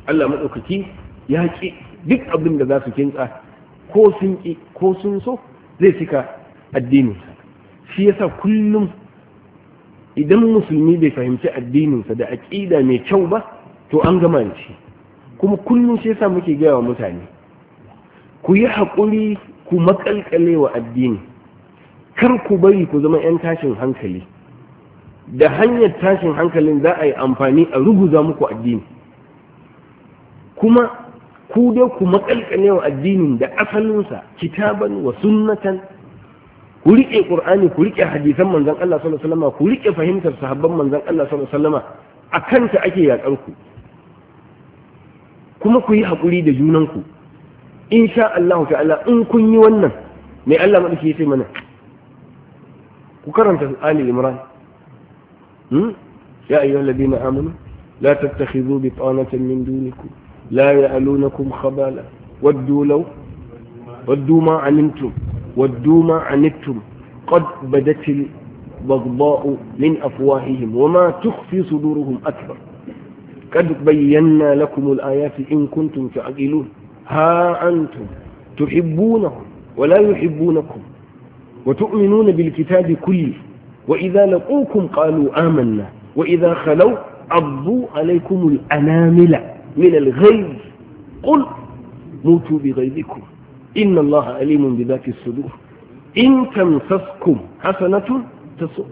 Allah madaukaki ya ki duk abin da za su kintsa ko sun ki ko sun so zai cika addininsa shi yasa kullum idan musulmi bai fahimci addininsa da aƙida mai kyau ba to an gama shi kuma kullum shi yasa muke gaya wa mutane ku yi haƙuri ku makalƙale wa addini kar ku bari ku zama 'yan tashin hankali da hanyar tashin hankalin za a yi amfani a ruguza muku addini kuma ku dai ku makalƙale wa addinin da asalinsa kitaban wa sunnatan ku riƙe ƙur'ani ku riƙe hadisan manzan Allah sallallahu ku riƙe fahimtar sahabban manzan Allah sallallahu alaihi wasallam ake yaƙar ku kuma ku yi haƙuri da junanku in sha Allah ta'ala in kun yi wannan mai Allah maɗauki ya ce mana ku karanta Ali Imran ya ayyuhal ladina amanu la tattakhidhu bitanatan min dunikum la ya'lunakum khabala waddu law waddu ma animtum waddu ma anittum قد بدت البغضاء من أفواههم وما تخفي صدورهم أكبر قد بينا لكم الآيات إن كنتم تعقلون ها أنتم تحبونهم ولا يحبونكم وتؤمنون بالكتاب كله وإذا لقوكم قالوا آمنا وإذا خلوا عضوا عليكم الأنامل من الغيظ قل موتوا بغيظكم إن الله أليم بذات الصدور إن تمسسكم حسنة تسؤهم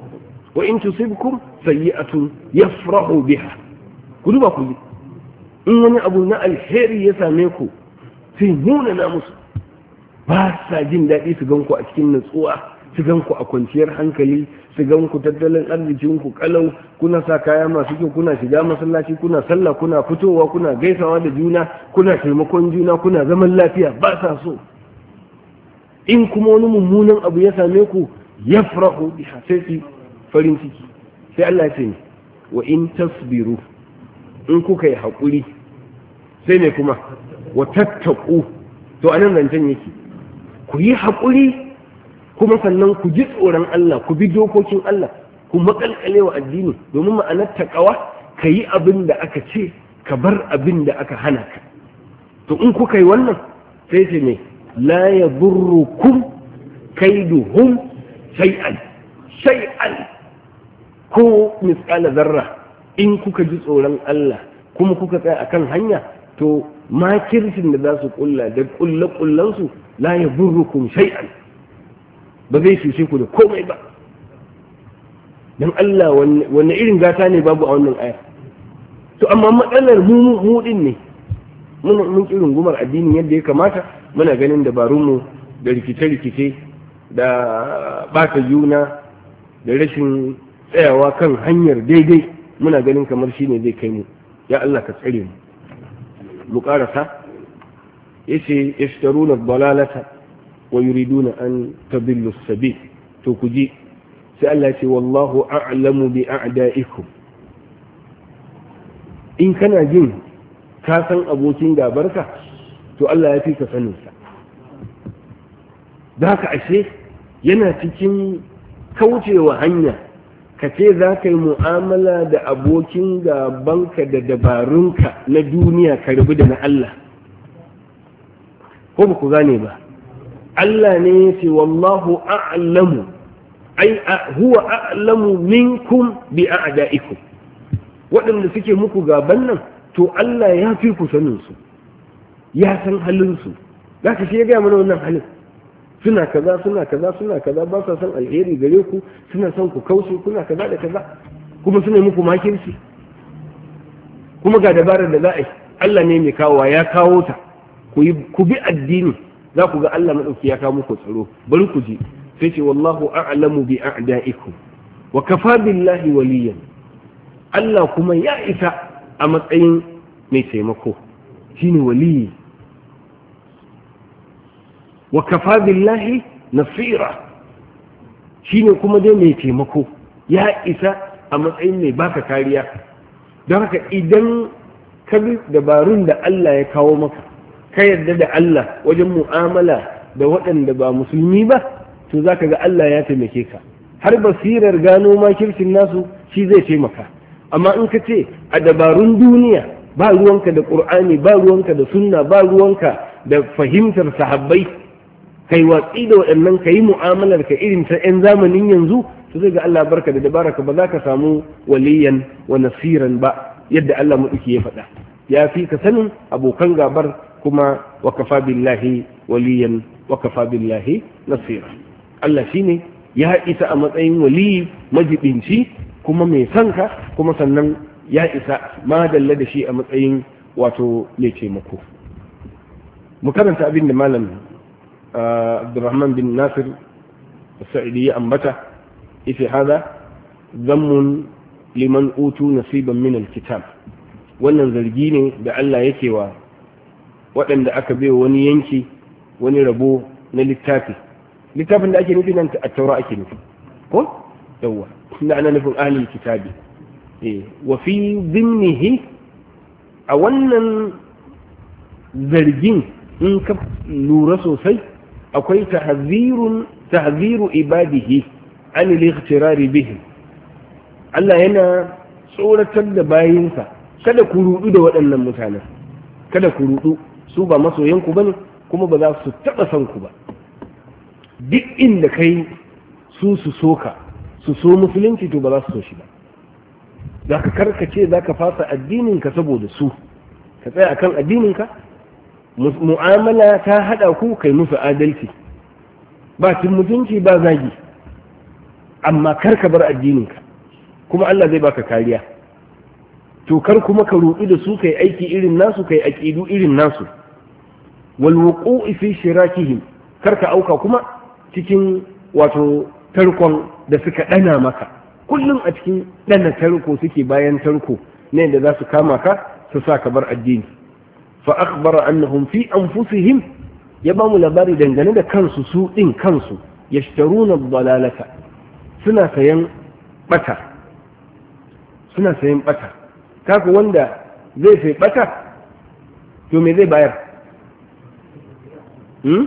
وإن تصبكم سيئة يفرح بها كلوا ما إنني أبو أبونا الخير يساميكم sai na musu ba sa jin daɗi su gan a cikin nutsuwa su gan a kwanciyar hankali su gan ku tattalin arzikin ku kalau kuna sa kaya masu kyau kuna shiga masallaci kuna sallah kuna fitowa kuna gaisawa da juna kuna taimakon juna kuna zaman lafiya ba sa so in kuma wani mummunan abu ya same ku ya farahu bi hasasi farin ciki sai Allah ya ce wa in tasbiru in kuka yi haƙuri sai ne kuma wa tattaku to anan zancen yake ku yi haƙuri kuma sannan ku ji tsoron Allah ku bi dokokin Allah ku makalkale wa addini domin ma'anar taƙawa ka yi abin da aka ce ka bar abin da aka hana ka to in kuka yi wannan sai ce ne la ya burrukum kaiduhum shay'an shay'an ko misqala zarra in kuka ji tsoron Allah kuma kuka tsaya akan hanya to makircin da za su kulla da kulle kullansu la ya burrukum shay'an ba zai cuce ku da komai ba dan Allah wanne irin gata ne babu a wannan aya to amma matsalar mu mu din ne mun mun kirin gumar addini yadda ya kamata muna ganin dabarun mu da rikice-rikice da bata juna da rashin tsayawa kan hanyar daidai muna ganin kamar shine zai kai mu ya Allah ka tsare mu mukarasa yace yashtaruna dalalata wa yuriduna an tadillu sabil to ku ji sai Allah ce wallahu a'lamu bi a'da'ikum in kana jin ka san abokin gabarka to Allah ya fi ka sanin sa ashe yana cikin kaucewa hanya ka ce za ka yi mu'amala da abokin gabanka da dabarunka na duniya ka rubu da na Allah ko ba ku gane ba Allah ne ya ce wallahu a'lamu ai huwa a'lamu minkum bi a'da'ikum waɗanda suke muku gaban nan to Allah ya fi ku sanin su ya san halin su ka shi ya ga mana wannan halin suna kaza suna kaza suna kaza ba sa son alheri gare ku suna son ku kausu kuna kaza da kaza kuma suna muku makirci kuma ga dabarar da za a Allah ne mai kawowa ya kawo ta ku bi addini za ku ga Allah madauki ya kawo muku tsaro bari ku ji sai ce wallahu a'lamu bi a'da'ikum wa kafa billahi waliyan Allah kuma ya isa a matsayin mai taimako shine waliyi wa kafa billahi nasira shine kuma dai mai taimako ya isa a matsayin mai baka kariya don haka idan ka bi dabarun da Allah ya kawo maka ka yarda da Allah wajen mu'amala da waɗanda ba musulmi ba to za ka ga Allah ya taimake ka har basirar gano makircin nasu shi zai taimaka amma in ka ce a dabarun duniya ba ruwanka da ƙur'ani ba ruwanka da sunna ba ruwanka da fahimtar sahabbai kai watsi da waɗannan ka yi mu'amalar ka irin ta 'yan zamanin yanzu to zai ga Allah barka da dabaraka ba za ka samu waliyan wa nasiran ba yadda Allah maɗuki ya faɗa ya fi ka sanin abokan gabar kuma wa kafa billahi waliyan wa kafa billahi nasira Allah shine ya isa a matsayin wali majibinci kuma mai sanka kuma sannan ya isa madalla da shi a matsayin wato mai taimako mu karanta abin da malam abdurrahman bin nasir sa'idi ya ambata ife haza zammun liman utu nasiban min alkitab wannan zargi ne da Allah yake wa waɗanda aka bai wani yanki wani rabo na littafi littafin da ake nufi nan a taura ake nufi ko yawwa tunda ana nufin ahlul kitabi eh wa fi dhimnihi a wannan zargin in ka lura sosai akwai tahzirun tahziru ibadihi an al Allah yana tsoratar da bayinsa kada ku rudu da waɗannan mutanen kada ku rudu su ba masoyanku bane kuma ba za su taɓa son ku ba duk inda kai su su soka su so musulunci to ba za su so shi ba za ka karkace za ka fasa addininka saboda su ka tsaya akan addininka mu'amala ta haɗa ku kai musu adalci ba cin mutunci ba zagi amma kar ka bar addininka kuma Allah zai baka kariya to kar kuma ka ruɗu da su kai aiki irin nasu kai aƙidu irin nasu wal wuqu'i fi shirakihim kar ka auka kuma cikin wato tarkon da suka dana maka kullum a cikin dana tarko suke bayan tarko ne da za su kama ka su sa ka bar addini فأخبر أنهم في أنفسهم يبقى لباري دنجانا كنسو سوء كنسو يشترون الضلالة سنة سين بطا سنة سين بطا كاكو واندا زي في بطا يومي زي باير هم؟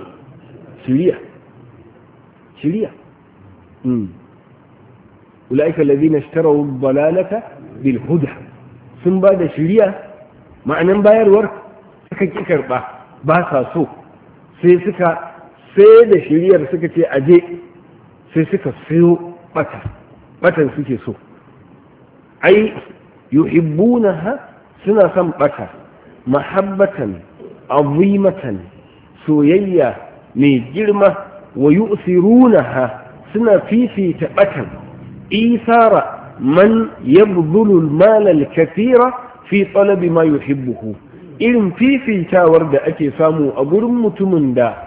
سلية سلية هم؟ أولئك الذين اشتروا الضلالة بالهدى ثم بعد سلية معنى باير ورق suka ki karɓa ba sa so sai suka sai da shiriyar suka ce aje sai suka siyo bata batan suke so ai yuhibbunaha suna son bata mahabbatan azimatan soyayya mai girma wa yu'sirunaha suna fifita batan isara man yabdhulu al-mala al-kathira fi talabi ma yuhibbuhu irin fifitawar da ake samu a gurin mutumin da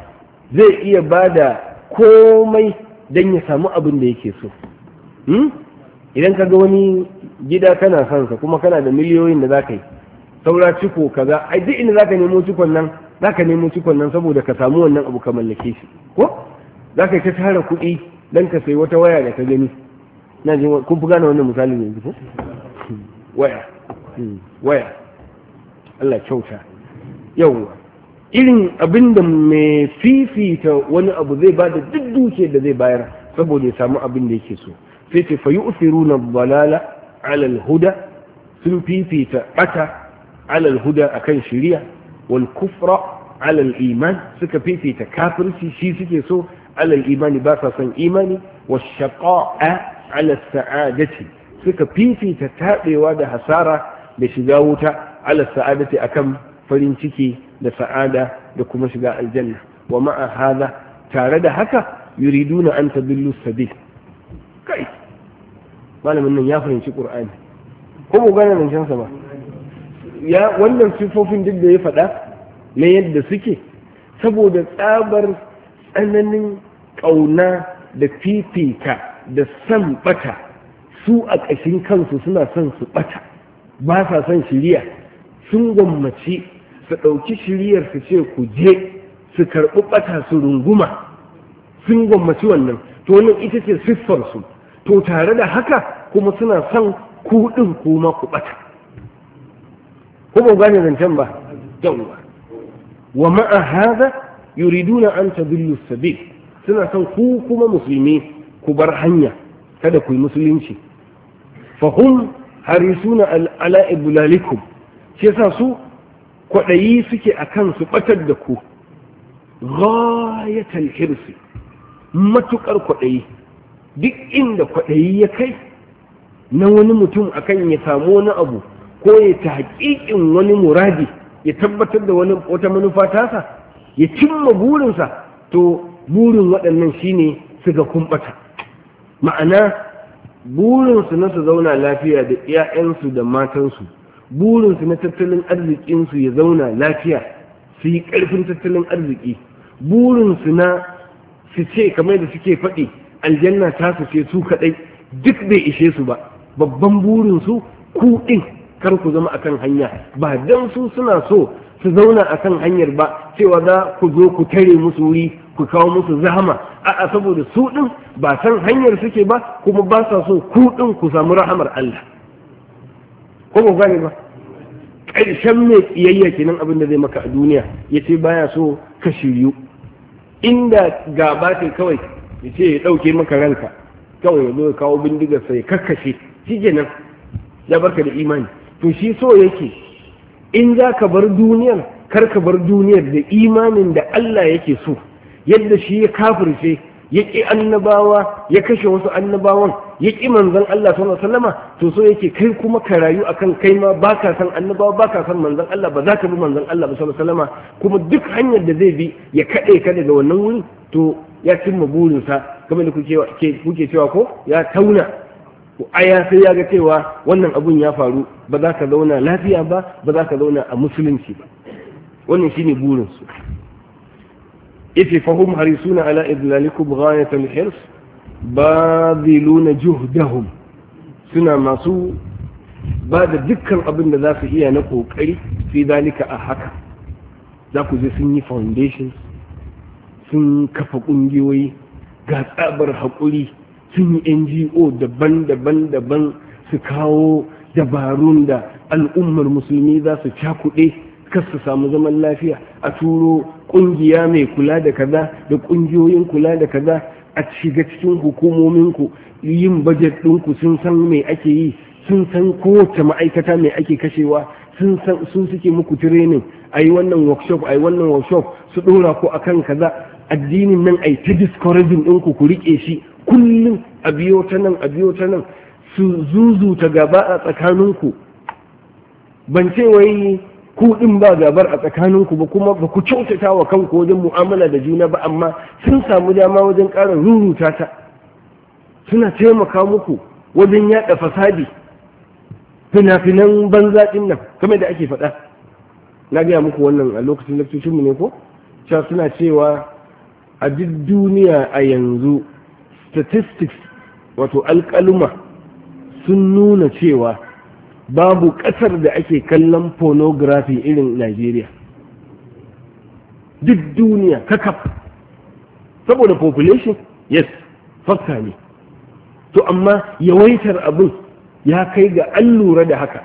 zai iya ba da komai don ya samu abin da yake so hmm? idan ka ga wani gida kana sansa kuma kana da miliyoyin da za ka yi saura ciko kaza ai duk inda za ka nemo cikon nan za ka nemo cikon nan saboda ka samu wannan abu ka mallake shi ko za ka yi ta tara kuɗi don ka sayi wata waya da ka gani na ji kun fi gane wannan misali ne hmm. waya hmm. waya Allah kyauta yau irin abin da mai fifita wani abu zai ba da duk duke da zai bayar saboda ya samu abin da yake so sai ce fa yu'thiruna balala alal huda sun fifita bata alal huda akan shiriya wal kufra alal iman suka fifita kafirci shi suke so alal imani ba sa son imani wa shaqa'a ala sa'adati suka fifita tabewa da hasara da shiga wuta ala sa'adati akan farin ciki da sa'ada da kuma shiga aljanna wa ma'a hada tare da haka yuriduna an tadillu sabil kai malamin nan ya fahimci qur'ani ko mu gane nan ba ya wannan sifofin duk da ya faɗa na yadda suke saboda tsabar tsananin ƙauna da fifita da san bata su a ƙashin kansu suna son su bata ba sa son shiriya sun gwammaci su ɗauki shiriyar su ce ku je su karɓi ɓata su runguma sun gwammaci wannan to wannan ita ce siffarsu to tare da haka kuma suna son kuɗin ɗin kuma ku ɓata ko ba gane zancen ba yawwa wa ma'a haza yuriduna an tadillu sabil suna son ku kuma musulmi ku bar hanya kada ku yi musulunci fahum harisuna ala ibulalikum shi yasa su kwaɗayi suke a kan su ɓatar da ku ghayatan hirsi matuƙar kwaɗayi duk inda kwaɗayi ya kai na wani mutum akan ya samu wani abu ko ya ta haƙiƙin wani muradi ya tabbatar da wani wata manufa tasa ya cimma burinsa to burin waɗannan shine su ga kumɓata ma'ana burinsu na su zauna lafiya da 'ya'yansu da matansu burinsu na tattalin arzikinsu ya zauna lafiya su yi ƙarfin tattalin arziki burinsu na su ce kamar da suke faɗi aljanna ta su ce su kaɗai duk bai ishe su ba babban burinsu kuɗin kar ku zama akan hanya ba don su suna so su zauna akan hanyar ba cewa za ku zo ku tare musu wuri ku kawo musu zahama a'a saboda su ɗin ba san hanyar suke ba kuma ba sa so ku ɗin ku samu rahamar Allah ko ba gane ba ƙarshen mai tsiyayya kenan abin da zai maka a duniya ya ce baya so ka shiryu inda gaba kawai ya ce ya ɗauke maka ranka kawai ya zo ya kawo bindigar sai kakkashe shi kenan ya barka da imani to shi so yake in za ka bar duniyar kar ka bar duniyar da imanin da Allah yake so yadda shi ya kafirce ya ƙi annabawa ya kashe wasu annabawan ya ƙi manzan Allah sallallahu alaihi to so yake kai kuma ka rayu akan kai ma ba ka san annabawa ba ka san manzan Allah ba za ka bi manzan Allah sallallahu kuma duk hanyar da zai bi ya kaɗe ka daga wannan wuri to ya cimma burinsa kamar da kuke cewa ko ya tauna aya sai ya ga cewa wannan abun ya faru ba za ka zauna lafiya ba ba za ka zauna a musulunci ba wannan shine burinsu yace fahum harisuna ala idlalikum ghayatul hirs badiluna juhdahum suna masu ba da dukkan abin da za su iya na ƙoƙari. Sai zalika a haka za ku je sun yi foundations sun kafa kungiyoyi ga tsabar haƙuri sun yi ngo daban-daban daban su kawo dabarun da al'ummar musulmi za su cakuɗe kar su samu zaman lafiya a turo ƙungiya mai kula da kaza da ƙungiyoyin kula da kaza a shiga cikin hukumominku yin bajet ɗinku sun san me ake yi sun san kowace ma'aikata mai ake kashewa sun san sun suke muku tirenin, a yi wannan workshop a yi wannan workshop su ɗora ku kan kaza addinin nan a yi ta discouraging ɗinku ku riƙe shi kullum a biyo ta nan a biyo ta nan su zuzuta gaba a tsakaninku ban ce wai ku din ba gabar a tsakaninku ba kuma ba ku kyautata wa kanku wajen mu'amala da juna ba amma sun samu dama wajen ƙara ruruta ta suna taimaka muku wajen yaɗa fasadi fina-finan banza ɗin nan kame da ake faɗa na gaya muku wannan a lokacin lakcocinmu ne ko cewa suna cewa a duk duniya a yanzu statistics wato alƙaluma sun nuna cewa babu ƙasar da ake kallon pornography irin Najeriya duk duniya kakaf saboda population yes fakka ne to amma yawaitar abin ya kai ga an lura da haka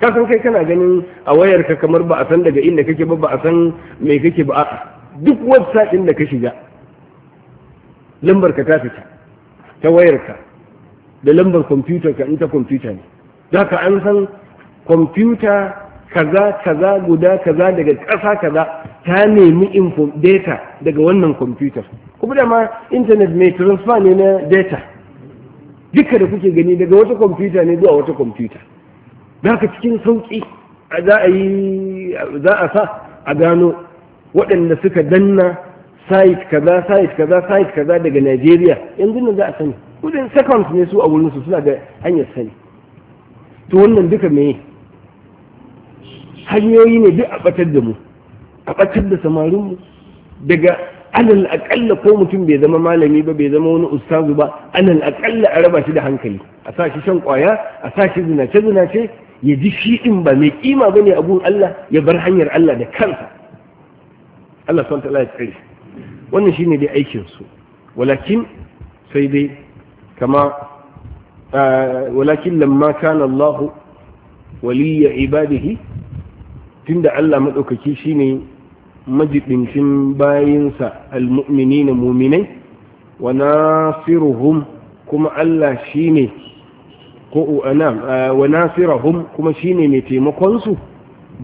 kasan kai kana ganin a wayarka kamar ba a san daga inda kake ba ba a san mai kake ba duk website ɗin da ka shiga lambar ka ta fita ta wayarka da lambar kwamfutar ka in ta kwamfuta ne za ka an san kwamfuta kaza kaza guda kaza daga ƙasa kaza ta nemi info data daga wannan kwamfutar kuma da ma intanet mai transfer ne na data duka da kuke gani daga wata kwamfuta ne zuwa wata kwamfuta za ka cikin sauƙi za a yi za a sa a gano waɗanda suka danna site kaza site kaza site kaza daga Najeriya yanzu nan za a sani kudin seconds ne su a wurin su suna da hanyar sani to wannan duka mai hanyoyi ne duk a batar da mu a batar da samarinmu daga alal akalla ko mutum bai zama malami ba bai zama wani ustazu ba alal akalla a raba shi da hankali a sa shi shan kwaya a sa shi zinace zinace ya ji shi din ba mai kima bane abun Allah ya bar hanyar Allah da kansa Allah subhanahu wa ya wannan shine dai aikin su walakin sai dai kama walakin lamma kana Allah waliya ibadihi tunda Allah madaukaki shine majibincin bayinsa almu'minina mu'minai wa nasiruhum kuma Allah shine ko anam wa nasiruhum kuma shine mai taimakon su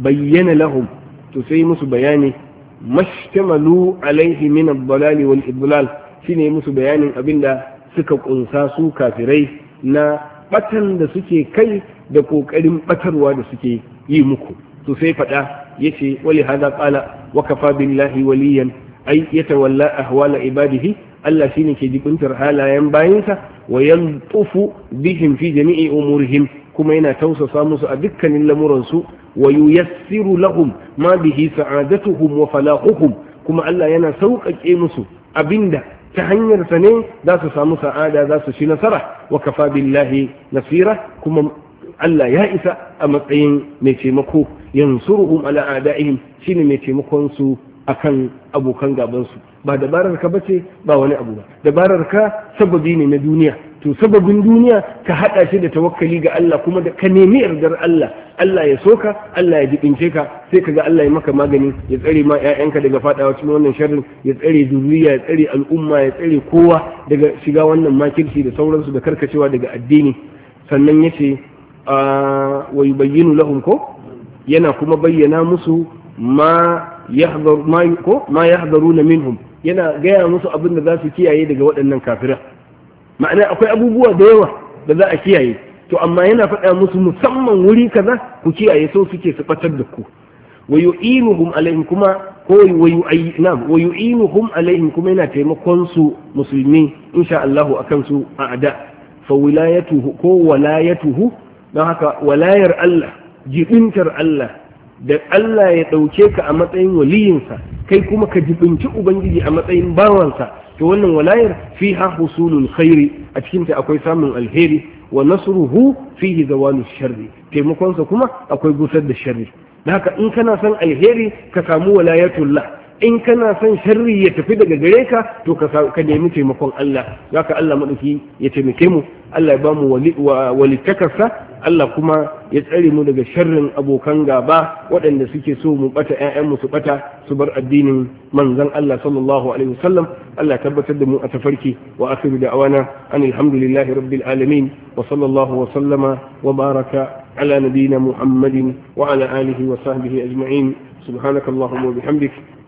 bayyana lahum to sai musu bayani mashtamalu alaihi min ad wal idlal shine musu bayanin abinda suka kunsa su kafirai na batan da suke kai da kokarin batarwa da suke yi muku to sai fada yace wali hada qala wa kafa billahi waliyan ay yatawalla ahwala ibadihi Allah shine ke jibintar halayen bayinsa wa yantufu bihim fi jami'i umurihim kuma yana tausasa musu a dukkanin lamuransu wa yuyassiru lahum ma bihi sa'adatuhum wa falahuhum kuma Allah yana sauƙaƙe musu abinda ta hanyar sa ne za su samu sa'ada za su ci nasara wa kafa billahi nasira kuma Allah ya isa a matsayin mai taimako yansuruhum ala adaihim shine mai taimakon su akan abokan gaban su ba dabarar ka bace ba wani abu ba dabarar ka sababi ne na duniya to sababin duniya ka haɗa shi da tawakkali ga Allah kuma da ka nemi yardar Allah Allah ya soka Allah ya jibince ka sai ka ga Allah ya maka magani ya tsare ma ƴaƴanka daga faɗawa cikin wannan sharrin ya tsare zuriya ya tsare al'umma ya tsare kowa daga shiga wannan makirci da sauransu da karkacewa daga addini sannan ya ce wa yubayyinu lahum ko yana kuma bayyana musu ma yahdaru ma ko ma yahdharuna minhum yana gaya musu abin da za su kiyaye daga waɗannan kafirai ma'ana akwai abubuwa da yawa da za a kiyaye to amma yana faɗa musu musamman wuri kaza ku kiyaye so suke su fatar da ku wa yu'inuhum alaihim kuma ko wa wa yu'inuhum alaihim kuma yana taimakon su musulmi insha Allah akan su a ada fa wilayatuhu ko walayatuhu don haka walayar Allah jibintar Allah da Allah ya ɗauke ka a matsayin waliyinsa kai kuma ka jibinci Ubangiji a matsayin bawansa to wannan walayar fiha husulul khairi a cikin ta akwai samun alheri wa nasruhu fihi zawalu sharri taimakonsa kuma akwai gusar da sharri haka in kana son alheri ka samu walayatullah in kana son sharri ya tafi daga gare ka to ka nemi taimakon Allah zaka Allah madauki ya taimake mu Allah ya bamu walitakarsa Allah kuma ya tsare mu daga sharrin abokan gaba waɗanda suke so mu bata ƴaƴan mu su bata su bar addinin manzon Allah sallallahu alaihi wasallam Allah ya tabbatar da mu a tafarki wa awana an alhamdulillahi rabbil alamin wa sallallahu wa sallama wa baraka على wa محمد وعلى آله وصحبه أجمعين سبحانك اللهم وبحمدك